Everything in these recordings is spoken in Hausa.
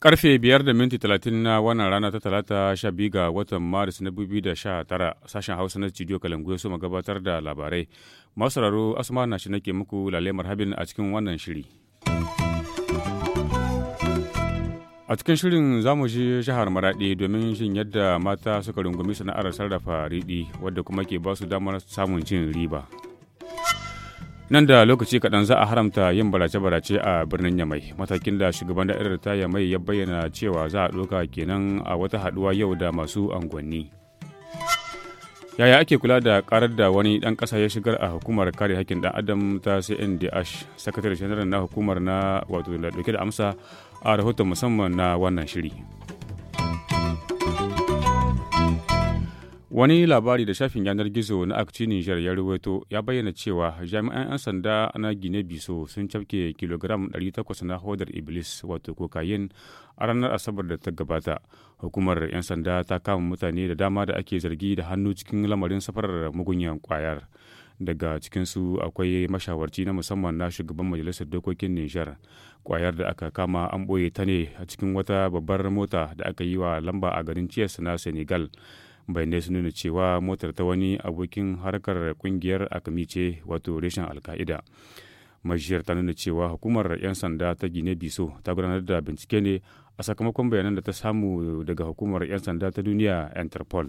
karfe biyar da minti talatin na wannan rana ta talata sha biyu ga watan maris na bibi da sha tara sashen hausa na studio kalangu ya gabatar da labarai masu raro asuma na shi nake muku lalemar habin a cikin wannan shiri. A cikin shirin zamu mu jihar Maraɗi domin shin yadda mata suka rungumi sana'ar sarrafa riɗi wadda kuma ke ba su damar samun cin riba. Nan da lokaci kaɗan za a haramta yin barace-barace a birnin Yamai, matakin da shugaban da'irar ta Yamai ya bayyana cewa za a ɗauka kenan a wata haɗuwa yau da masu unguwanni. yaya ake kula da karar da wani dan kasa ya shigar a hukumar kare hakkin dan adam ta cndh sakatare janar na hukumar na wato da dauke da amsa a rahoton musamman na wannan shiri Wani labari da shafin yanar gizo na Akci Nijar ya ruwaito ya bayyana cewa jami'an 'yan sanda na Gine Biso sun cafke kilogram 800 na hodar Iblis wato kokayin a ranar Asabar da ta gabata. Hukumar 'yan sanda ta kama mutane da dama da ake zargi da hannu cikin lamarin safarar mugunyan kwayar. daga cikinsu akwai mashawarci na musamman na shugaban majalisar dokokin nijar kwayar da aka kama an boye ta ne a cikin wata babbar mota da aka yi wa lamba a garin ciyas na senegal bayanai sun nuna cewa motar ta wani abokin harkar kungiyar akami ce wato reshen alka'ida majiyar ta nuna cewa hukumar 'yan sanda ta gine biso ta gudanar da bincike ne a sakamakon bayanan da ta samu daga hukumar 'yan sanda ta duniya interpol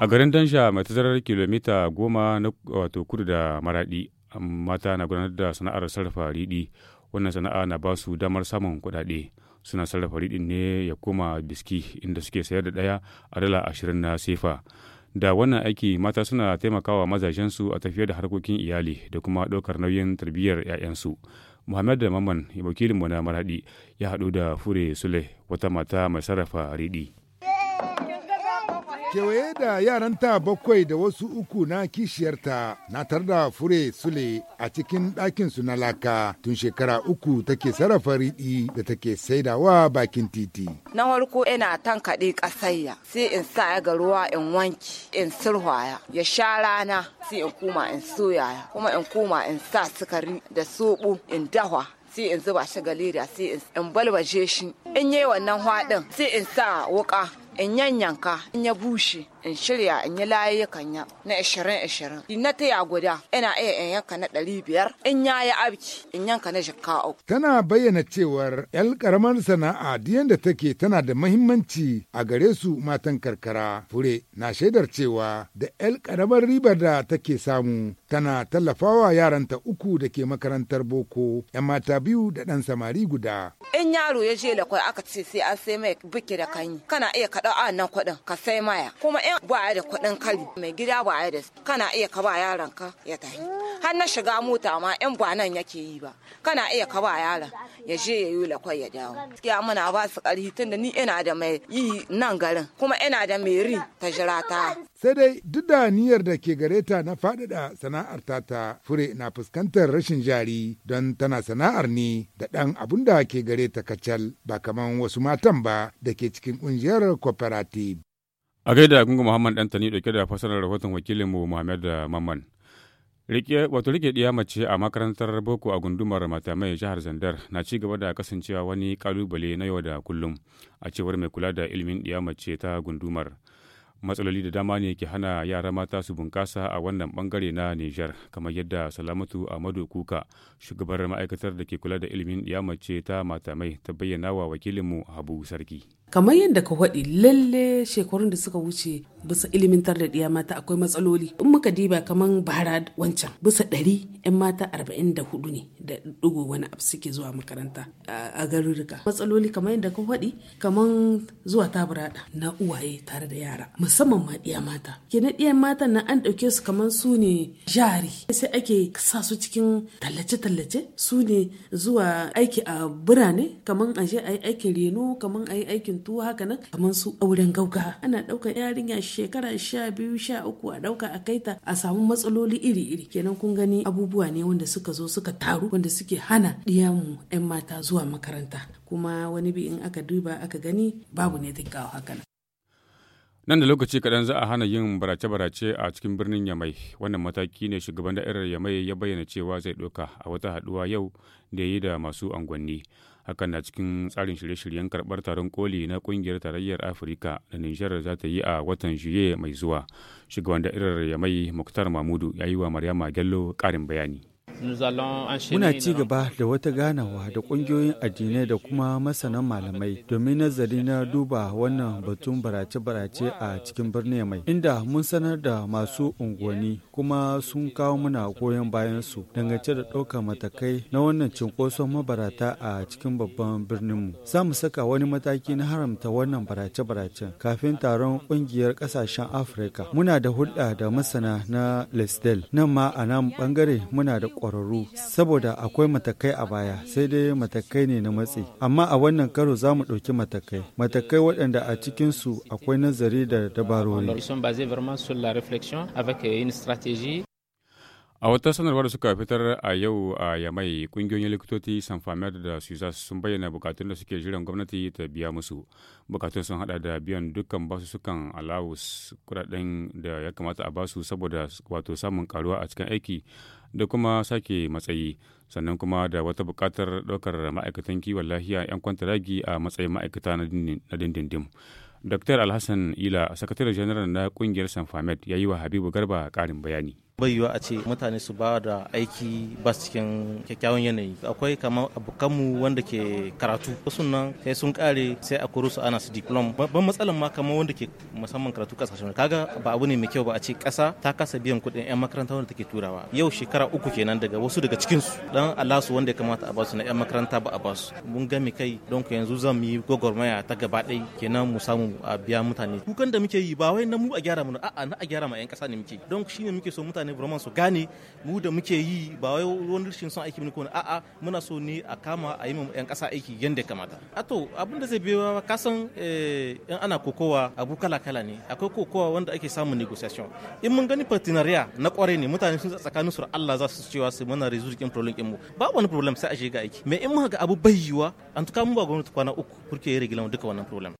a garin dansha mai tazarar kilomita goma na wato kudu da maradi mata na gudanar da sana'ar sarrafa riɗi wannan sana'a na ba su damar samun kuɗaɗe. suna sarrafa riɗin ne ya koma biski inda suke sayar da ɗaya a dala ashirin na sefa da wannan aiki mata suna taimakawa mazajensu a tafiyar da harkokin iyali da kuma ɗaukar nauyin tarbiyyar 'ya'yansu muhammad da maman wakilinmu na maraɗi ya haɗu da fure sule wata mata mai sarrafa riɗi Kewaye da yaranta bakwai da wasu uku na kishiyarta na tar da fure sule a cikin ɗakin su na laka tun shekara uku take sarrafa riɗi da take saidawa bakin titi. Na farko ina tankaɗe ƙasayya sai in sa ga ruwa in wanki in sirwaya ya sha rana sai in kuma in soya kuma in koma in sa sukari da soɓo in dahwa sai in zuba shi galeriya sai in balbaje shi in yi wannan haɗin sai in sa wuka in yan yanka in ya bushe in shirya in yi layukan ya na 20-20 na taya guda ina iya in yanka na 500 in ya yi abki in yanka na shakka uku. tana bayyana cewar yan karamar sana'a diyan da take tana da mahimmanci a gare su matan karkara fure na shaidar cewa da yar karamar ribar da take samu tana tallafawa yaranta uku da ke makarantar boko yan mata biyu da ɗan samari guda. in yaro ya je lakwai aka ce sai an sai mai biki da kanyi kana iya kaɗa a nan kuɗin ka sai maya kuma in ba da kuɗin kali mai gida ba da kana iya ka ba yaranka ya tafi. har na shiga mota ma yan ba nan yake yi ba kana iya ka ba yaron ya je ya yi lakwai ya dawo gaskiya mana ba su tun da ni ina da mai yi nan garin kuma ina da mai ri ta jira ta sai dai duk da niyyar da ke gare ta na faɗaɗa sana'ar ta ta fure na fuskantar rashin jari don tana sana'ar ne da ɗan abun da ke gare ta kacal ba kaman wasu matan ba da ke cikin ƙungiyar cooperative. A gaida Gungu Muhammad tani ɗauke da fasarar rahoton wakilinmu Muhammad Maman. wato rike ɗiya mace a makarantar boko a gundumar matamai jihar zandar na ci gaba da kasancewa wani kalubale na yau da kullum a cewar mai kula da ilimin ɗiya mace ta gundumar matsaloli da dama ne ke hana yara mata su bunkasa a wannan bangare na nijar kamar yadda salamatu amadu kuka shugabar ma'aikatar da ke kula da ilimin ɗiya mace ta matamai ta bayyana wa wakilinmu habu sarki kamar yadda ka faɗi lalle shekarun da suka wuce bisa ilimintar da ɗiya mata akwai matsaloli in muka diba kamar bara wancan bisa ɗari 'yan mata arba'in da hudu ne da ɗigo wani abu suke zuwa makaranta a garuruka matsaloli kamar yadda ka faɗi kamar zuwa taburaɗa na uwaye tare da yara musamman ma ɗiya mata ke na ɗiya mata na an ɗauke su kamar su ne jari sai ake sa su cikin tallace-tallace su ne zuwa aiki a birane kamar a je a yi aikin reno kamar a yi aikin irin tuwa haka nan kamar su auren gauka ana ɗaukar yarinya shekara sha biyu sha uku a ɗauka a kaita a samu matsaloli iri-iri kenan kun gani abubuwa ne wanda suka zo suka taru wanda suke hana ɗiyamu 'yan mata zuwa makaranta kuma wani bi in aka duba aka gani babu ne dukkawa haka nan. nan da lokaci kaɗan za a hana yin barace-barace a cikin birnin yamai wannan mataki ne shugaban da'irar yamai ya bayyana cewa zai ɗauka a wata haɗuwa yau da ya yi da masu angwanni hakan na cikin tsarin shirye-shiryen karɓar taron koli na ƙungiyar tarayyar afirka da nijar za ta yi a watan juye mai zuwa shugaban da'irar mai muktar mamudu ya yi wa maryama gello ƙarin bayani Muna ci gaba da wata ganawa da ƙungiyoyin addinai da kuma masanan malamai domin nazari na duba wannan batun barace-barace a cikin birnin mai inda mun sanar da masu unguwanni kuma sun kawo muna goyon bayan su dangance da ɗaukar matakai na wannan cinkoson mabarata a cikin babban birninmu. Za mu saka wani mataki na haramta wannan barace-baracen kafin taron ƙungiyar ƙasashen Afirka. Muna da hulɗa da masana na Lesdel. Nan ma a nan bangare muna da kwararru saboda akwai matakai a baya sai dai matakai ne na matsi amma a wannan karo za mu ɗauki matakai matakai waɗanda a cikinsu akwai nazari da dabarori euh, a wata sanarwar da suka fitar a yau a yamai kungiyoyin likitoci famer da suza sun bayyana bukatun da suke jiran gwamnati ta biya musu bukatun sun hada da biyan dukkan basu sukan alawus kudaden da ya kamata a basu saboda wato samun karuwa a cikin aiki da kuma sake matsayi sannan kuma da wata buƙatar ɗaukar ma'aikatan kiwon lafiya 'yan kwanta kwantaragi a matsayin ma'aikata na dindindim. Dr. Alhassan Ila, sakataren janar na ƙungiyar Sanfamed, ya yi wa Habibu Garba ƙarin bayani. bai yiwa a ce mutane su ba da aiki ba cikin kyakkyawan yanayi akwai kamar abokanmu wanda ke karatu wasu nan sai sun kare sai a koro su ana su diplom ban matsalan ma kamar wanda ke musamman karatu kasashen kaga ba abu ne mai kyau ba a ce kasa ta kasa biyan kuɗin yan makaranta wanda take turawa yau shekara uku kenan daga wasu daga cikin su dan Allah wanda ya kamata a su na yan makaranta ba a su mun ga kai don ku yanzu zan yi gwagwarmaya ta gaba ɗaya kenan mu samu a biya mutane kukan da muke yi ba wai na mu a gyara mu a'a na a gyara ma yan kasa ne muke don ne muke so mutane mutane burman su gane mu da muke yi ba wai wani rashin son aiki ne ko a'a muna so ne a kama a yi mu yan kasa aiki yanda ya kamata a to abin da zai biyo ka san eh, in ana kokowa abu kala kala ne akwai kokowa wanda ake samun negotiation in mun gani partenariat na kware ne mutane sun tsakanin su Allah za su cewa su muna kin problem din mu ba wani problem sai a shiga aiki me in muka ga abu bai yiwa an tuka mu ba gwamnati kwana uku kurke ya rigila duka wannan problem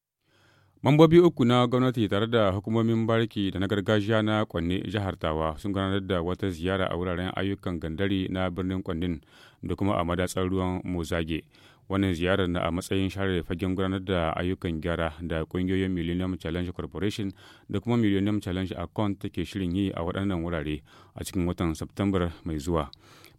Mambobi uku na gwamnati tare da hukumomin bariki da na gargajiya na Kwanne jihar Tawa sun gudanar da wata ziyara a wuraren ayyukan gandari na birnin Kwannin da kuma a madatsar ruwan Mozage. Wannan ziyarar na a matsayin share fagen gudanar da ayyukan gyara da kungiyoyin Millennium Challenge Corporation da kuma Millennium Challenge Account take shirin yi a waɗannan wurare a cikin watan Septembar mai zuwa.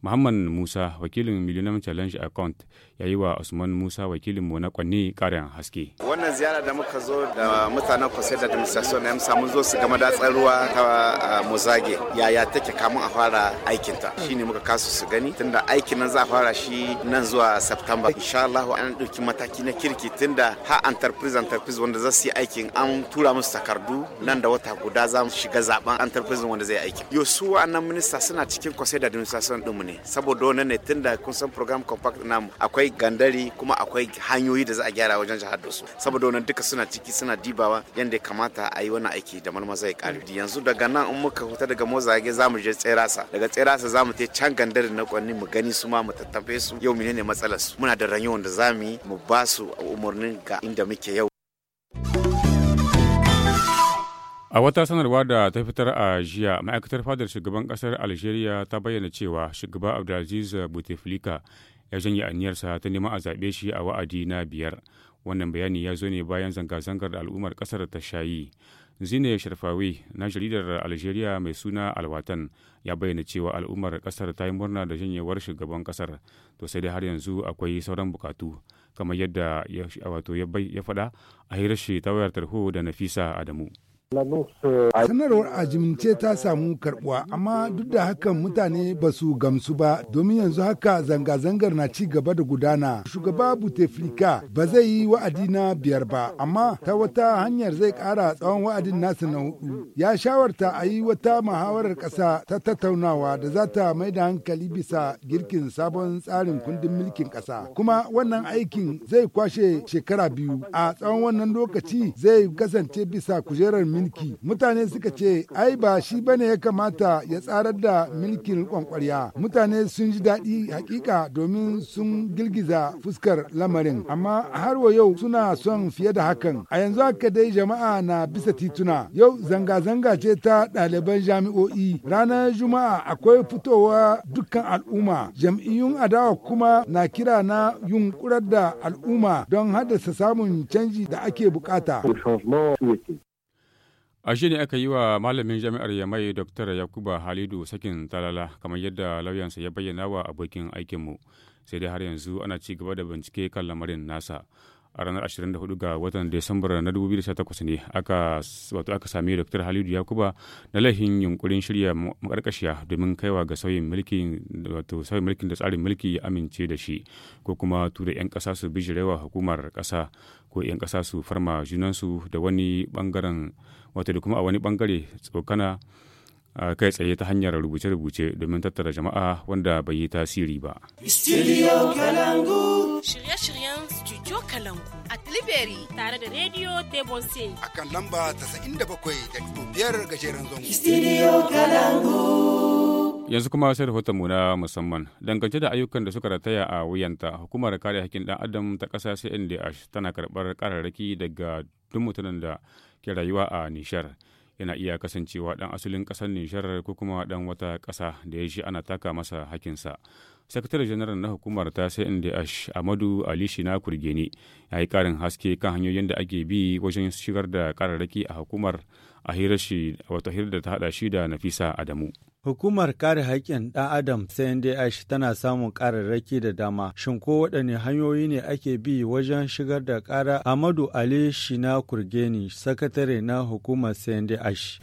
Muhammad Musa wakilin Millennium Challenge Account ya yi wa Usman Musa wakilinmu na kwanni karin haske. Wannan ziyara da muka zo da mutanen Kwasai da Administration na Yamsa mun zo su gama datsar ruwa ta Mozage yaya take kamun a fara aikinta shi ne muka kasu su gani tunda aikin nan za a fara shi nan zuwa September. Insha Allah an ɗauki mataki na kirki tunda ha enterprise enterprise wanda za su yi aikin an tura musu takardu nan da wata guda za mu shiga zaben enterprise wanda zai aiki. Yo su wa'annan minista suna cikin Kwasai da Administration ɗinmu ne saboda wannan ne da kun san program compact namu akwai gandari kuma akwai hanyoyi da za a gyara wajen jihar da su saboda wannan duka suna ciki suna dibawa yadda ya kamata a yi wani aiki da malma zai karbi yanzu daga nan in muka huta daga mozage za mu je tserasa daga tserasa za mu je can gandari na kwanni mu gani su ma mu tattafe su yau menene matsalar su muna da ranyo da za mu yi mu ba su umarnin ga inda muke yau A wata sanarwa da ta fitar a jiya, ma'aikatar fadar shugaban kasar Algeria ta bayyana cewa shugaba Abdulaziz Bouteflika ya janye aniyarsa ta neman a zaɓe shi a wa'adi na biyar. Wannan bayani ya zo ne bayan zanga-zangar da al'ummar kasar ta shayi. Zine Sharfawi na jaridar Algeria mai suna Alwatan ya bayyana cewa al'ummar kasar ta yi murna da janyewar shugaban kasar to sai dai har yanzu akwai sauran bukatu kamar yadda ya faɗa a hirar shi ta wayar tarho da Nafisa Adamu. sanarwar a jimince ta samu karbuwa amma duk da hakan mutane ba su gamsu ba domin yanzu haka zanga-zangar na ci gaba da gudana shugaba buteflika ba zai yi wa'adi na biyar ba amma ta wata hanyar zai kara tsawon wa'adin nasa na hudu ya shawarta a yi wata muhawarar kasa ta tattaunawa da za ta mai da hankali bisa girkin sabon tsarin kundin mulkin kasa kuma wannan aikin zai kwashe shekara biyu a tsawon wannan lokaci zai kasance bisa kujerar milki mutane suka ce ai ba shi bane ya kamata ya tsarar da milkin rikon mutane sun ji daɗi hakika domin sun girgiza fuskar lamarin amma har wa yau suna son fiye da hakan a yanzu haka dai jama'a na bisa tituna yau zanga-zanga ce ta ɗaliban jami'o'i ranar juma'a akwai fitowa dukkan al'umma jam'iyyun adawa kuma na kira na yunkurar da al'umma don haddasa samun canji da ake bukata. A shi ne aka yi wa malamin jami'ar ya mai Dr. Yakuba Halidu sakin talala kamar yadda lauyansa ya bayyana wa abokin aikinmu. Sai dai har yanzu ana ci gaba da bincike kan lamarin nasa. a ranar 24 ga watan Desambar na 2018 ne aka wato aka sami Dr. Halidu Yakuba na lahin yunkurin shirya makarkashiya domin kaiwa ga sauyin mulki wato sauyin mulkin da tsarin mulki ya amince da shi ko kuma tura 'yan kasa su bijirewa hukumar kasa ko 'yan kasa su farma junansu da wani bangaren wato da kuma a wani bangare tsokana kai tsaye ta hanyar rubuce-rubuce domin tattara jama'a wanda bai yi tasiri ba. Shirye-shirye a a Tilibiri tare da Radio Tebose. A kan lamba 97.5 gajeren zango. Studio Kalangu. Yanzu kuma sai rahoton mu na musamman dangance da ayyukan da suka rataya a wuyanta hukumar kare hakkin dan adam ta kasa CNDH tana karɓar kararraki daga duk mutanen da ke rayuwa a Nishar. yana iya kasancewa dan asalin ƙasar Nijar ko kuma dan wata ƙasa da ya shi ana taka masa hakinsa. Sakatare janaral na hukumar ta inda Amadu Ali Shina Kurgeni ya yi ƙarin haske kan hanyoyin da ake bi wajen shigar da kararraki a hukumar a hirar shi wata hirar da ta haɗa shi da Nafisa Adamu. Hukumar kare haƙƙin ɗan Adam CNDH tana samun ƙararraki da dama. Shin ko waɗanne hanyoyi ne ake bi wajen shigar da ƙara Amadu Ali Shina Kurgeni, sakatare na hukumar CNDH.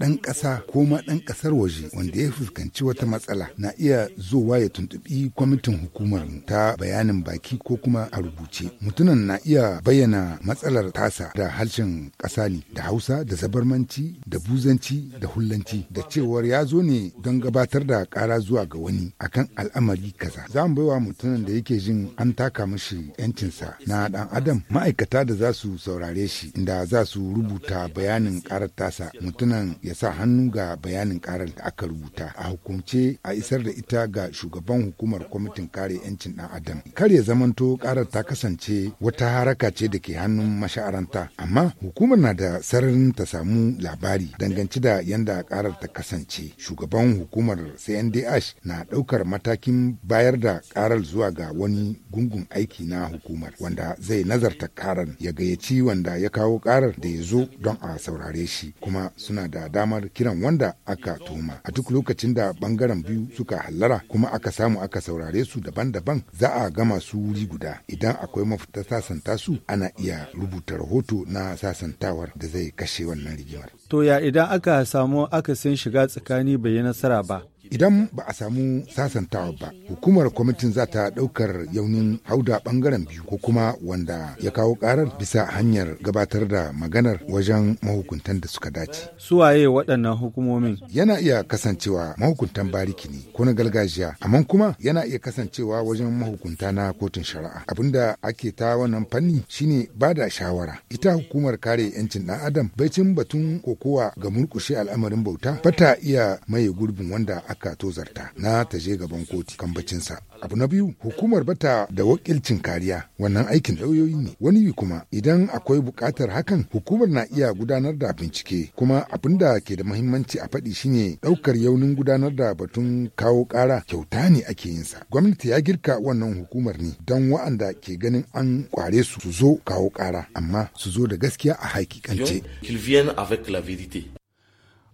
Ɗan ƙasa ko ma ɗan ƙasar waje wanda ya fuskanci wata matsala na iya zuwa ya tuntuɓi kwamitin hukumar ta bayanin baki ko kuma a rubuce. Mutunan na iya bayyana matsalar tasa da harshen ƙasa ne da Hausa da Zabarmanci da Buzanci da Hullanci. da cewar ya zo ne don gabatar da kara zuwa ga wani akan al'amari kaza za mu baiwa mutumin da yake jin an taka mashi yancinsa na ɗan adam ma'aikata da za su saurare shi inda za su rubuta bayanin karar tasa mutumin ya sa hannu ga bayanin karar da aka rubuta a hukumce a isar da ita ga shugaban hukumar kwamitin kare yancin dan adam kar ya zamanto karar ta kasance wata haraka ce da ke hannun masha'aranta amma hukumar na da sararin ta samu labari danganci da yanda karar ta kasance shugaban hukumar cndh na ɗaukar matakin bayar da karar zuwa ga wani gungun aiki na hukumar wanda zai nazarta karar ya gayyaci wanda ya kawo karar da ya zo don a saurare shi kuma suna da damar kiran wanda aka tuhuma a duk lokacin da bangaren biyu suka hallara kuma aka samu aka saurare su daban-daban za a gama su wuri guda idan akwai mafita sasanta su ana iya rubuta rahoto na sasantawar da zai kashe wannan rigimar To ya idan aka samu akasin shiga tsakani bai yi nasara ba? Idan ba a samu sasantawa ba, hukumar kwamitin za ta ɗaukar yaunin hauda ɓangaren biyu ko kuma wanda ya kawo ƙarar bisa hanyar gabatar da maganar wajen mahukuntan da suka dace. Suwaye waɗannan hukumomin? Yana iya kasancewa mahukuntan bariki ne ko na gargajiya, amma kuma yana iya kasancewa wajen mahukunta na kotun shari'a. Abinda ake ta wannan fanni shine ba da shawara. Ita hukumar kare 'yancin ɗan adam baicin batun kokowa ga murƙushe al'amarin bauta Bata iya maye gurbin wanda aka ka tozarta na ta je gaban koti kambacinsa abu na biyu hukumar bata da wakilcin kariya wannan aikin lauyoyi ne wani bi kuma idan akwai bukatar hakan hukumar na iya gudanar da bincike kuma abin da ke da mahimmanci a faɗi shine ɗaukar yaunin gudanar da batun kawo ƙara kyauta ne ake yin sa gwamnati ya girka wannan hukumar ne don wa'anda ke ganin an kware su su zo kawo ƙara amma su zo da gaskiya a hakikance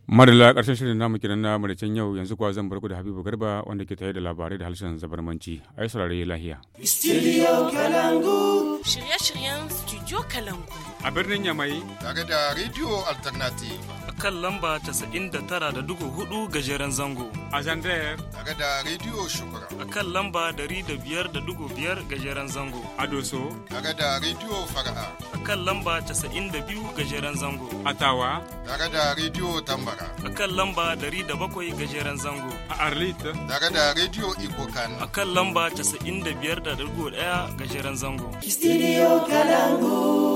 madalla ƙarshen shirin namu kenan na maraicen yau yanzu kuwa zan barku da habibu garba wanda ke tare da labarai da harshen zabarmanci a yi lahiya. Studio Kalangu. shirye-shiryen Studio Kalangu. A birnin Yamai. Tare da Radio Alternative. A kan lamba tara da dugu hudu gajeren zango. A zandar Tare da Radio Shukura. A kan lamba dari da da dugu biyar gajeren zango. A Doso. Tare da Radio Fara'a. A kan lamba 92 biyu gajeren zango. A Tawa. Tare da Radio Tambara. A kan lamba dari da bakwai gajeren zango. A arlit Tare da Radio Ikokan. A kan lamba da biyar 95.1 gajeren zango. Kisti Studio Kalangu.